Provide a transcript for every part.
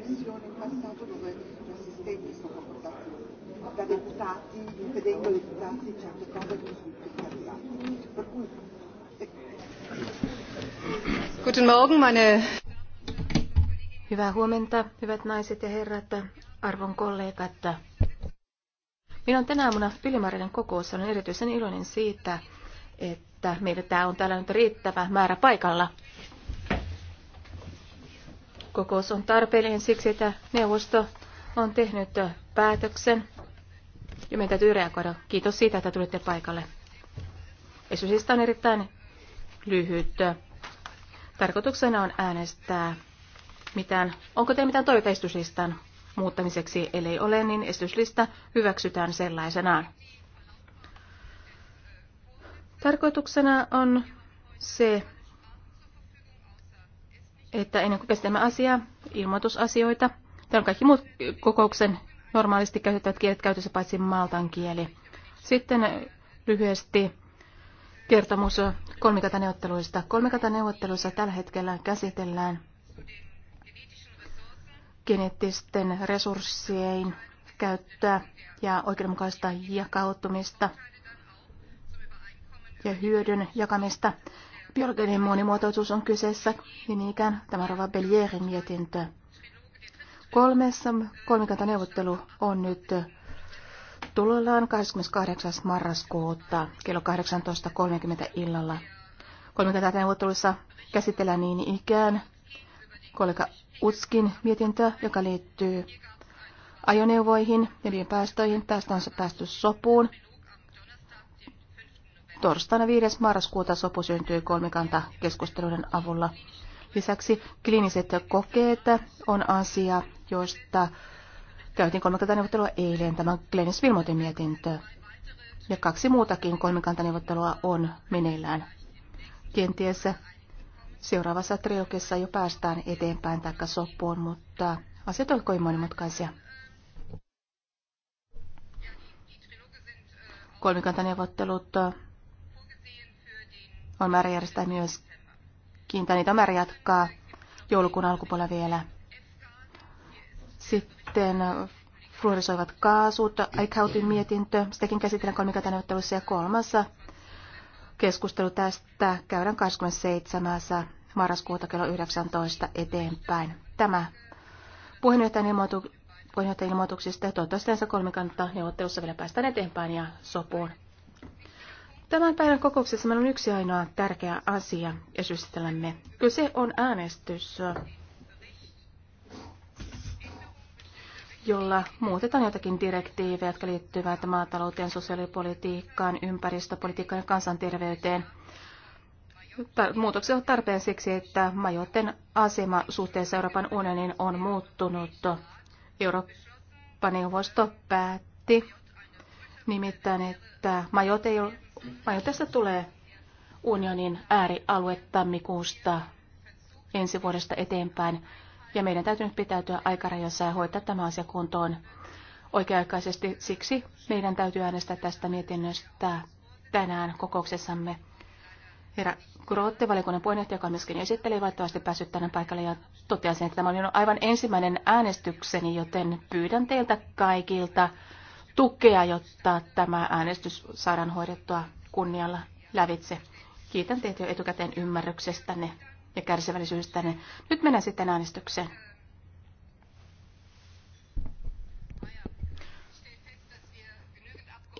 Commissione in passato dove gli assistenti sono portati da deputati, impedendo ai deputati certe cose che sono arrivate. Per cui... Eh, Guten Morgen, meine Hyvää huomenta, hyvät naiset ja herrat, arvon kollegat. Minun tänä aamuna ylimääräinen kokous, on erityisen iloinen siitä, että meillä tämä on täällä nyt riittävä määrä paikalla kokous on tarpeellinen siksi, että neuvosto on tehnyt päätöksen ja meidän täytyy reagoida. Kiitos siitä, että tulitte paikalle. Esitystä on erittäin lyhyt. Tarkoituksena on äänestää mitään. Onko teillä mitään toivota esityslistan muuttamiseksi? Ellei ole, niin esityslista hyväksytään sellaisenaan. Tarkoituksena on se, että ennen kuin käsittelemme asiaa, ilmoitusasioita, täällä on kaikki muut kokouksen normaalisti käytettävät kielet käytössä paitsi maltan kieli. Sitten lyhyesti kertomus kolmikataneuvotteluista. Kolmikataneuvotteluissa tällä hetkellä käsitellään geneettisten resurssien käyttöä ja oikeudenmukaista jakautumista ja hyödyn jakamista. Biologinen monimuotoisuus on kyseessä, niin ikään tämä Rova Bellierin mietintö. Kolmessa kolmikantaneuvottelu on nyt tulollaan 28. marraskuuta kello 18.30 illalla. Kolmikantaneuvotteluissa käsitellään niin ikään kollega Utskin mietintö, joka liittyy ajoneuvoihin ja päästöihin. Tästä on päästy sopuun. Torstaina 5. marraskuuta sopu syntyi kolmikanta keskusteluiden avulla. Lisäksi kliiniset kokeet on asia, josta käytiin neuvottelua eilen tämän Glenis Vilmotin mietintö. Ja kaksi muutakin neuvottelua on meneillään. Kenties seuraavassa triokessa jo päästään eteenpäin taikka sopuun, mutta asiat ovat kovin monimutkaisia. Kolmikantaneuvottelut on määrä järjestää myös kiintä. Niitä määrä jatkaa joulukuun alkupuolella vielä. Sitten fluorisoivat kaasut, Eichhautin mietintö, sitäkin käsitellään kolmikantaneuvottelussa ja kolmassa keskustelu tästä käydään 27. marraskuuta kello 19 eteenpäin. Tämä puheenjohtajan, ilmoitu, puheenjohtajan ilmoituksista ja toivottavasti tässä kolmikanta neuvottelussa vielä päästään eteenpäin ja sopuun. Tämän päivän kokouksessa meillä on yksi ainoa tärkeä asia esittelemme. Kyse on äänestys, jolla muutetaan jotakin direktiivejä, jotka liittyvät maatalouteen, sosiaalipolitiikkaan, ympäristöpolitiikkaan ja kansanterveyteen. Muutokset ovat tarpeen siksi, että majoiden asema suhteessa Euroopan unionin on muuttunut. Eurooppa-neuvosto päätti nimittäin, että majot ei ole vai tässä tulee unionin äärialue tammikuusta ensi vuodesta eteenpäin. Ja meidän täytyy nyt pitäytyä aikarajoissa ja hoitaa tämä asia kuntoon oikea-aikaisesti. Siksi meidän täytyy äänestää tästä mietinnöstä tänään kokouksessamme. Herra Grotte, valiokunnan puheenjohtaja, joka myöskin esitteli, valitettavasti päässyt tänne paikalle ja toteaa että tämä on aivan ensimmäinen äänestykseni, joten pyydän teiltä kaikilta tukea, jotta tämä äänestys saadaan hoidettua kunnialla lävitse. Kiitän teitä jo etukäteen ymmärryksestänne ja kärsivällisyydestänne. Nyt mennään sitten äänestykseen.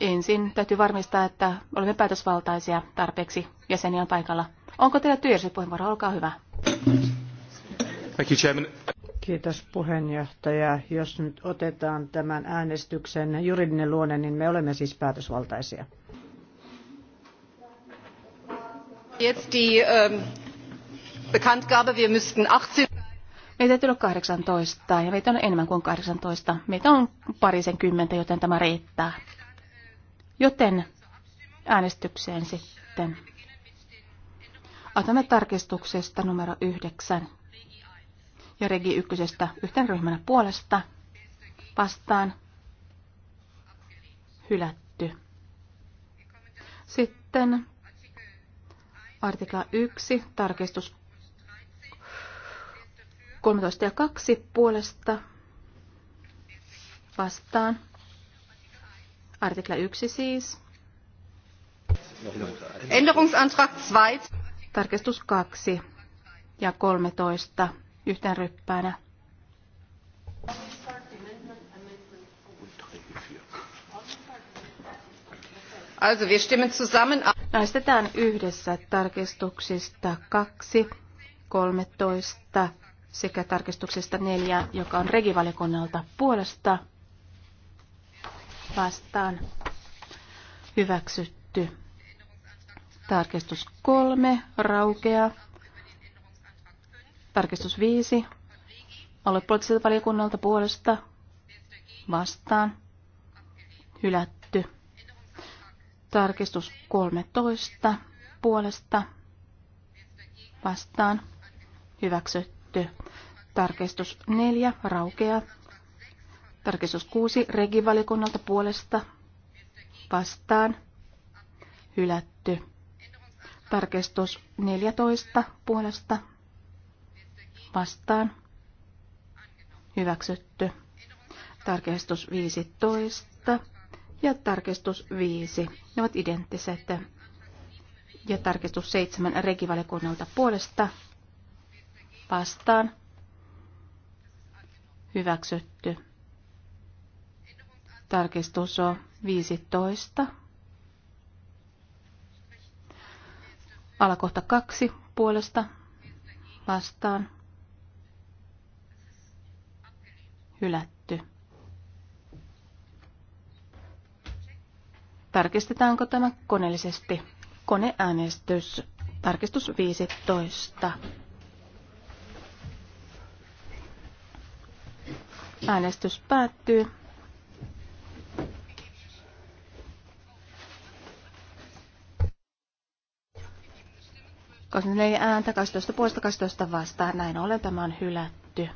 Ensin täytyy varmistaa, että olemme päätösvaltaisia tarpeeksi. Jäseniä on paikalla. Onko teillä työjärjestyspuheenvuoro? Olkaa hyvä. Thank you, Chairman. Kiitos puheenjohtaja. Jos nyt otetaan tämän äänestyksen juridinen luonne, niin me olemme siis päätösvaltaisia. Jetzt die ähm, Bekanntgabe, wir müssten 18... Meitä ei ole 18 ja meitä on enemmän kuin 18. Meitä on parisen kymmentä, joten tämä riittää. Joten äänestykseen sitten. Otamme tarkistuksesta numero 9 ja Regi ykkösestä yhtenä ryhmänä puolesta vastaan hylätty. Sitten artikla 1, tarkistus 13 ja 2 puolesta vastaan. Artikla 1 siis. Änderungsantrag 2. Tarkistus 2 ja 13 yhtään ryppäänä. Also wir stimmen zusammen. Äänestetään yhdessä tarkistuksista 2, 13 sekä tarkistuksesta 4, joka on regivalikunналta puolesta vastaan hyväksytty. Tarkistus 3 raukeaa. Tarkistus 5. Olet poliittiselta valiokunnalta puolesta vastaan. Hylätty. Tarkistus 13. Puolesta vastaan. Hyväksytty. Tarkistus 4. Raukea. Tarkistus 6. Regivalikunnalta puolesta vastaan. Hylätty. Tarkistus 14. Puolesta vastaan. Hyväksytty. Tarkistus 15 ja tarkistus 5. Ne ovat identtiset. Ja tarkistus 7 regivalikunnalta puolesta vastaan. Hyväksytty. Tarkistus on 15. Alakohta 2 puolesta vastaan. hylätty. Tarkistetaanko tämä koneellisesti? Koneäänestys. Tarkistus 15. Äänestys päättyy. neljä ääntä, 12 puolesta, 12 vastaan. Näin ollen tämä on hylätty.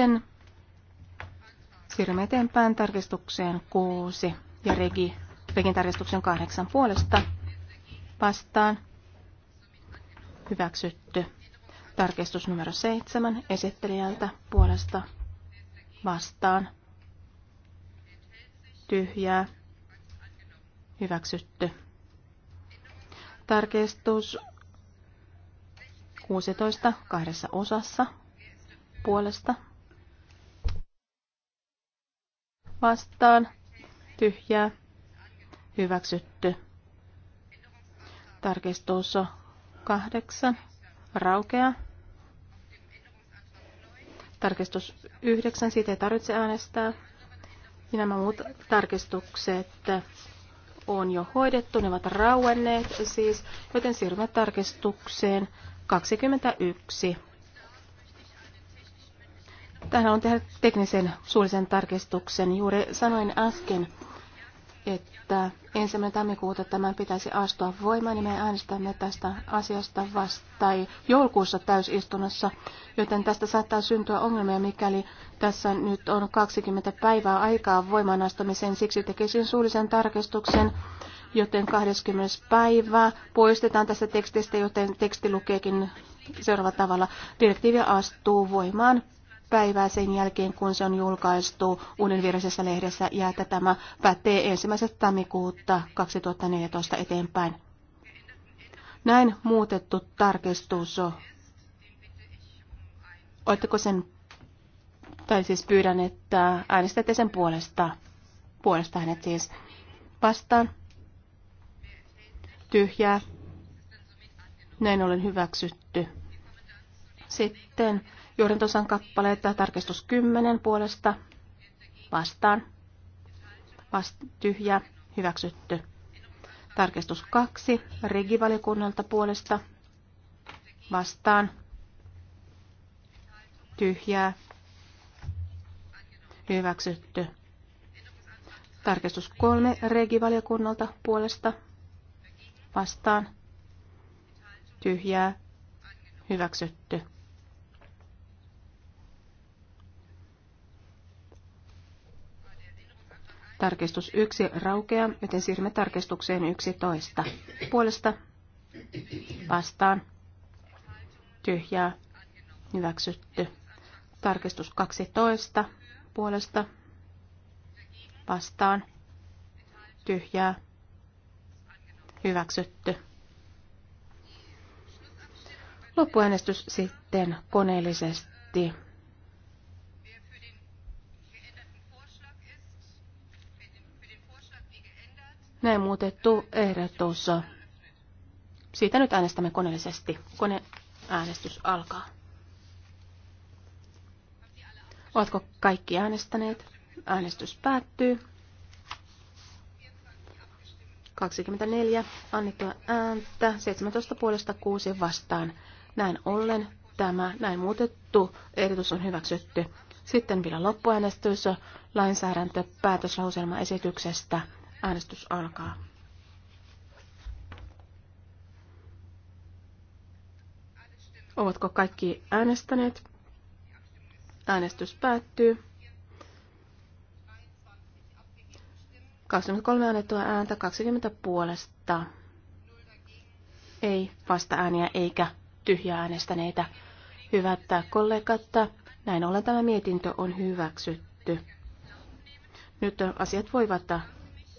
Sitten siirrymme eteenpäin tarkistukseen 6 ja regi, regin tarkistuksen 8 puolesta vastaan. Hyväksytty. Tarkistus numero 7 esittelijältä puolesta vastaan. Tyhjää. Hyväksytty. Tarkistus 16 kahdessa osassa puolesta vastaan, tyhjää, hyväksytty. Tarkistus kahdeksan, raukea. Tarkistus yhdeksän, siitä ei tarvitse äänestää. Ja nämä muut tarkistukset on jo hoidettu, ne ovat rauenneet siis, joten siirrymme tarkistukseen 21 Tähän on tehnyt teknisen suullisen tarkistuksen. Juuri sanoin äsken, että ensimmäinen tammikuuta tämän pitäisi astua voimaan, niin me äänestämme tästä asiasta vasta joulukuussa täysistunnossa, joten tästä saattaa syntyä ongelmia, mikäli tässä nyt on 20 päivää aikaa voimaan astumiseen. Siksi tekisin suullisen tarkistuksen, joten 20. päivä poistetaan tästä tekstistä, joten teksti lukeekin seuraavalla tavalla. Direktiivi astuu voimaan päivää sen jälkeen, kun se on julkaistu universisessa lehdessä ja että tämä pätee 1. tammikuuta 2014 eteenpäin. Näin muutettu tarkistus. Oletteko sen, tai siis pyydän, että äänestätte sen puolesta. Puolesta hänet siis vastaan. Tyhjää. Näin olen hyväksytty. Sitten Johdantosan kappaleita tarkistus 10 puolesta vastaan. Vast, tyhjä, hyväksytty. Tarkistus 2 regivalikunnalta puolesta vastaan. Tyhjää, hyväksytty. Tarkistus 3 regivaliokunnalta puolesta vastaan. Tyhjää, hyväksytty. Tarkistus 1 raukeaa, joten siirrymme tarkistukseen 11. Puolesta vastaan tyhjää hyväksytty. Tarkistus 12 puolesta vastaan tyhjää hyväksytty. Loppuäänestys sitten koneellisesti. Näin muutettu ehdotus. Siitä nyt äänestämme koneellisesti. Koneäänestys alkaa. Oletko kaikki äänestäneet? Äänestys päättyy. 24 annettua ääntä, 17 puolesta 6 vastaan. Näin ollen tämä näin muutettu ehdotus on hyväksytty. Sitten vielä loppuäänestys lainsäädäntö päätöslauselmaesityksestä. Äänestys alkaa. Ovatko kaikki äänestäneet? Äänestys päättyy. 23 annettua ääntä, 20 puolesta. Ei vasta ääniä eikä tyhjää äänestäneitä. Hyvät kollegat, näin ollen tämä mietintö on hyväksytty. Nyt asiat voivat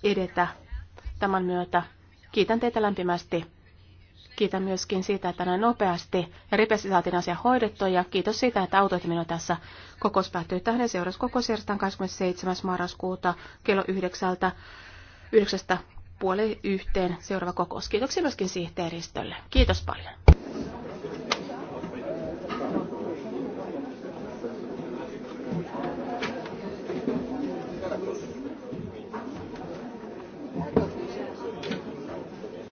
edetä tämän myötä. Kiitän teitä lämpimästi. Kiitän myöskin siitä, että näin nopeasti ja ripeästi saatiin asia hoidettua ja kiitos siitä, että autoit minua tässä. Kokous päättyy tähden. seuraavassa kokous järjestetään 27. marraskuuta kello 9. 9. yhteen seuraava kokous. Kiitoksia myöskin sihteeristölle. Kiitos paljon.